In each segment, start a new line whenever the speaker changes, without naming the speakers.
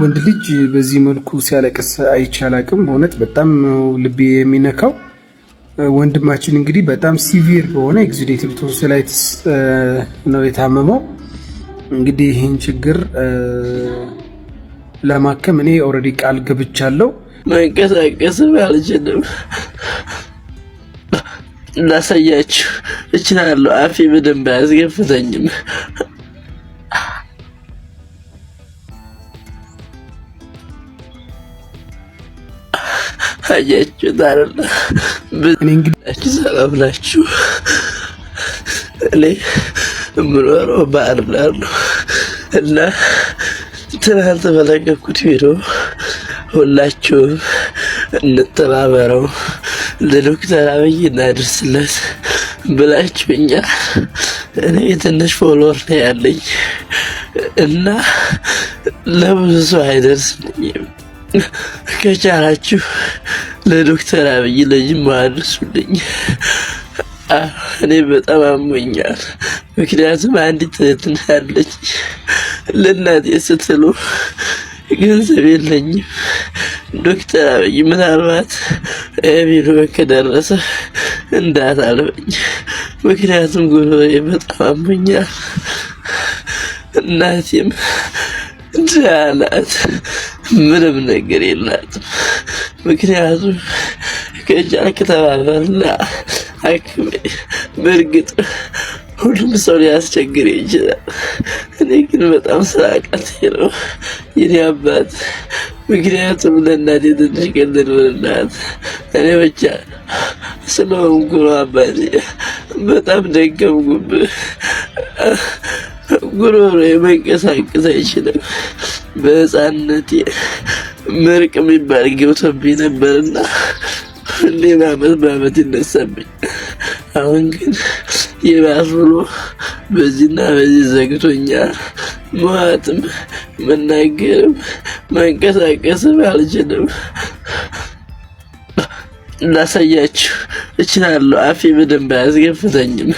ወንድ ልጅ በዚህ መልኩ ሲያለቅስ አይቼ አላቅም። በእውነት በጣም ልቤ የሚነካው ወንድማችን እንግዲህ በጣም ሲቪር በሆነ ኤግዚዴቲቭ ቶንሲላይትስ ነው የታመመው። እንግዲህ ይህን ችግር ለማከም እኔ ኦልሬዲ ቃል ገብቻለሁ።
መንቀሳቀስም አልችልም። እናሳያችሁ እችላለሁ። አፌ በደንብ አያስገፍተኝም። አያችሁ አይደለ? እኔ እንግዲህ ሰላም ናችሁ። እኔ የምኖረው ባህር ዳር ነው እና ትናንት በለቀኩት ቪዲዮ ሁላችሁም እንተባበረው ለዶክተር አብይ እናድርስለት ብላችሁኛ እኔ ትንሽ ፎሎወር ነው ያለኝ እና ለብዙ ሰው አይደርስልኝም ከቻላችሁ ለዶክተር አብይ ለጅማ አድርሱልኝ። እኔ በጣም አሞኛል። ምክንያቱም አንዲት እህትን ያለች ለእናቴ ስትሉ ገንዘብ የለኝም። ዶክተር አብይ ምናልባት ቢሮ ከደረሰ እንዳታልበኝ፣ ምክንያቱም ጉሮሮዬ በጣም አሞኛል እናቴም ዳላት ምንም ነገር የላትም። ምክንያቱም ከእጃል ከተባበርና አክሜ በእርግጥ ሁሉም ሰው ሊያስቸግር ይችላል። እኔ ግን በጣም ስራ አቃቴ ነው የኔ አባት። ምክንያቱም ለእናቴ ትንሽ ቀልድ ብልናት እኔ ብቻ ስለሆንኩ ነው አባቴ። በጣም ደገምኩብህ ጉሮሮ መንቀሳቀስ አይችልም። በህፃንነቴ ምርቅ የሚባል ገብቶብኝ ነበርና ሁሌ በአመት በአመት ይነሳብኝ። አሁን ግን የባስ ብሎ በዚህና በዚህ ዘግቶኛ መዋጥም መናገርም መንቀሳቀስም አልችልም። እናሳያችሁ እችላለሁ። አፌ በደንብ አያስገፍተኝም።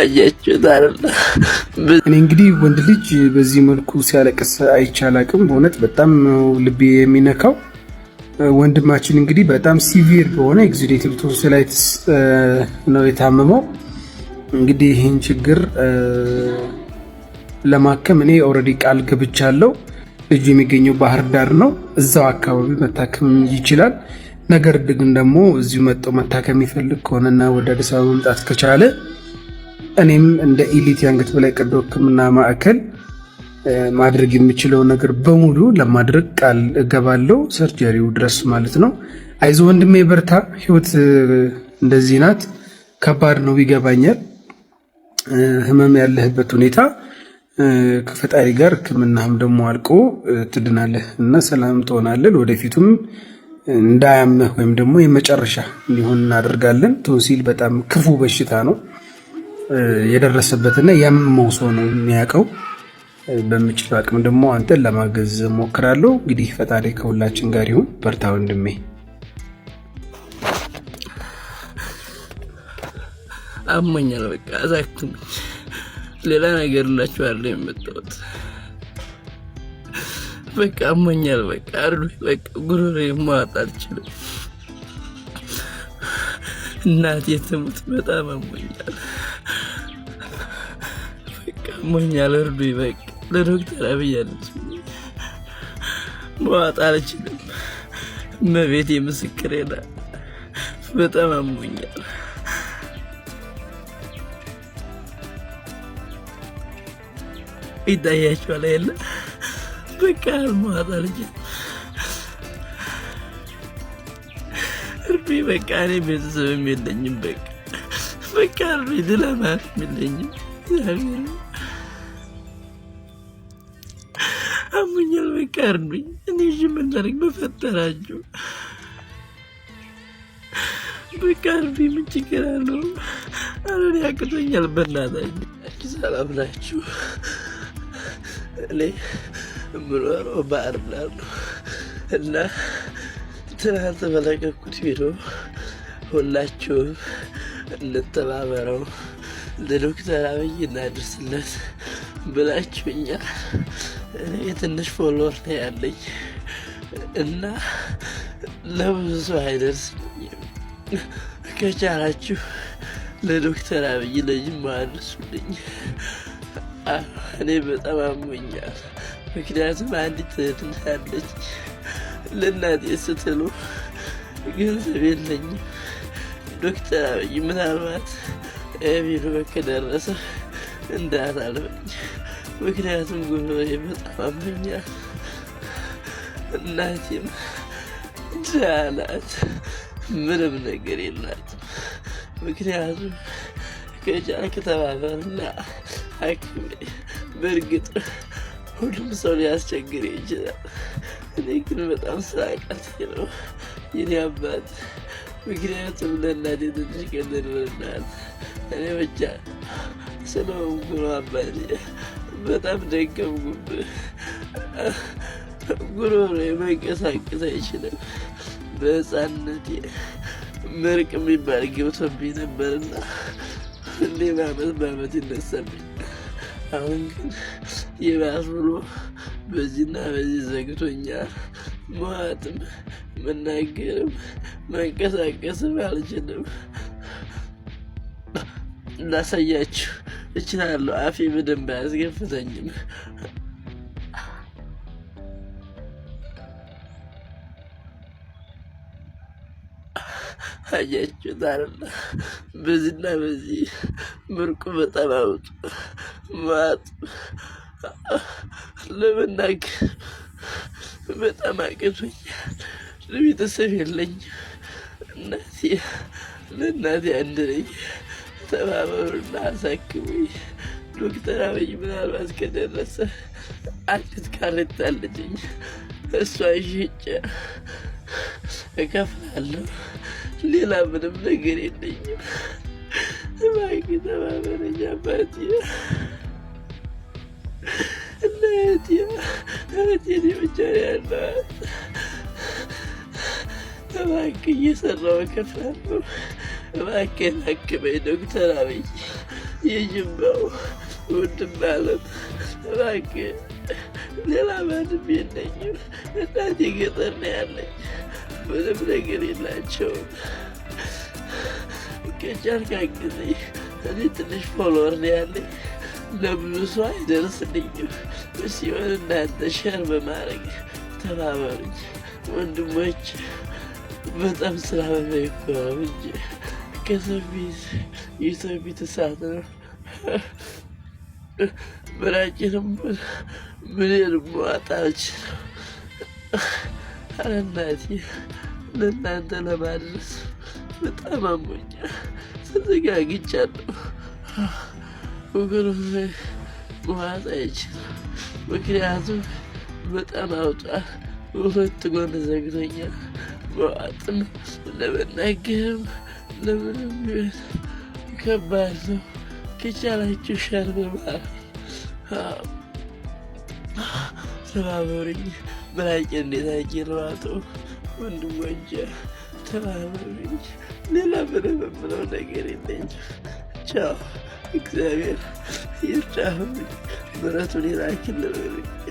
አያችሁት
እኔ እንግዲህ ወንድ ልጅ በዚህ መልኩ ሲያለቅስ አይቻላቅም። በእውነት በጣም ልቤ የሚነካው ወንድማችን እንግዲህ በጣም ሲቪር በሆነ ኤግዚዴቲቭ ቶንሲላይትስ ነው የታመመው። እንግዲህ ይህን ችግር ለማከም እኔ ኦልሬዲ ቃል ገብቻለሁ። ልጁ የሚገኘው ባህር ዳር ነው። እዛው አካባቢ መታከም ይችላል። ነገር ግን ደግሞ እዚሁ መጥተው መታከም ይፈልግ ከሆነና ወደ አዲስ አበባ መምጣት ከቻለ እኔም እንደ ኢሊት የአንገት በላይ ቀዶ ሕክምና ማዕከል ማድረግ የምችለው ነገር በሙሉ ለማድረግ ቃል እገባለሁ፣ ሰርጀሪው ድረስ ማለት ነው። አይዞ ወንድሜ በርታ። ህይወት እንደዚህ ናት። ከባድ ነው ይገባኛል። ህመም ያለህበት ሁኔታ ከፈጣሪ ጋር ህክምናህም ደግሞ አልቆ ትድናለህ እና ሰላም ትሆናለህ። ወደፊቱም እንዳያመህ ወይም ደግሞ የመጨረሻ ሊሆን እናደርጋለን። ቶንሲል በጣም ክፉ በሽታ ነው። የደረሰበትና ያመመው ሰው ነው የሚያውቀው። በምችለው አቅም ደግሞ አንተን ለማገዝ ሞክራለሁ። እንግዲህ ፈጣሪ ከሁላችን ጋር ይሁን። በርታ ወንድሜ።
አሞኛል። በቃ አዛክም ሌላ ነገር ላችሁ አለ የመጣሁት በቃ አሞኛል። በቃ አሉ በቃ ጉሮሬ ማወጣ አልችልም። እናቴ ትሙት፣ በጣም አሞኛል። ሞኛ ለእርዱ ይበቅ ለዶክተር አብያለች አለች። መዋጥ አልችልም መቤት የምስክር ሄዳ በጣም አሞኛል። ይታያቸዋል የለ በቃ መዋጥ አልችልም እርዱ በቃ እኔ ቤተሰብም የለኝም በቃ በቃ እርዱ ድለማ የለኝም እግዚአብሔር ቀርዱኝ። እኔ እሺ ምን ላድርግ? በፈጠራችሁ በቃርቢ ምን ችግር አለው? ኧረ እኔ ያቅቶኛል። በእናታችሁ ሰላም ናችሁ? እኔ የምኖረው ባህር ዳር ነው እና ትናንት በለቀኩት ቢሮ ሁላችሁም እንተባበረው ለዶክተር አብይ እናድርስለት ብላችሁኛል። የትንሽ ፎሎወር ነው ያለኝ እና ለብዙ ሰው አይደርስም። ከቻላችሁ ለዶክተር አብይ ለጅማ አድርሱልኝ። እኔ በጣም አሞኛል። ምክንያቱም አንዲት እህት አለች። ለእናቴ ስትሉ ገንዘብ የለኝም። ዶክተር አብይ ምናልባት ቪዲዮ ከደረሰ እንዳታልፈኝ ምክንያቱም ጉዞ የመጠፋብኛል እናቴም ድሃ ናት፣ ምንም ነገር የላት። ምክንያቱም ከቻልክ ተባበርና አክሜ። በእርግጥ ሁሉም ሰው ሊያስቸግር ይችላል። እኔ ግን በጣም ስራ ስላቃት ነው የኔ አባት። ምክንያቱም ለእናቴ ትንሽ ቀለል ብለናል። እኔ ብቻ ስለሆንኩ ነው አባቴ በጣም ደገምኩብ። ጉሮሮ መንቀሳቀስ አይችልም። በሕፃንነቴ መርቅ የሚባል ገብቶብኝ ነበርና እንዴ በአመት በአመት ይነሳብኝ። አሁን ግን የባስ ብሎ በዚህና በዚህ ዘግቶኛል። መዋጥም መናገርም መንቀሳቀስም አልችልም። ላሳያችሁ እችላለሁ። አፌ በደንብ አያስገፍተኝም። አያችሁት አይደለ? በዚህና በዚህ ምርቁ በጣም አውጡ ማጡ ለመናገር በጣም አቅቶኛል። ለቤተሰብ የለኝ እናቴ ለእናቴ አንድ ነኝ። ተባበሩና አሳክሙኝ። ዶክተር አብይ ምናልባት ከደረሰ አንዲት ካሬታ አለችኝ። እሷን ሽጬ እከፍላለሁ። ሌላ ምንም ነገር የለኝም። እባክህ ተባበረኝ አባቴ እህቴን ብቻ ያለዋል። እባክህ እየሰራሁ እከፍላለሁ። እባክህ ታክመኝ ዶክተር አብይ የጅማው ወንድም አለም እባክህ፣ ሌላ ማንም የለኝም። እናቴ ገጠር ነው ያለኝ፣ ምንም ነገር የላቸውም። ከቻልክ አግዘኝ። እኔ ትንሽ ፎሎወር ነው ያለኝ፣ ለብዙ ሰው አይደርስልኝም። ሲሆን እናንተ ሸር በማድረግ ተባበሩኝ ወንድሞች። በጣም ስራ በመኮረብ እንጂ ከሰፊት የሰፊት እሳት ነው። ምራጭንም ምንን መዋጥ አልችልም። ኧረ እናቴ ለእናንተ ለማድረስ በጣም አሞኛል፣ ተዘጋግቻለሁ። ወገኖች መዋጥ አይችልም፣ ምክንያቱም በጣም አውጧል። ሁለት ጎን ዘግቶኛል። መዋጥም ለመናገርም ለምንም ቢሆን ከባድ ነው። ከቻላችሁ ሸር በማለት ተባበሩኝ። ብራቂ እንዴት ተባበሩኝ። ሌላ ምንም የምለው ነገር ቻው። እግዚአብሔር ይርዳህ፣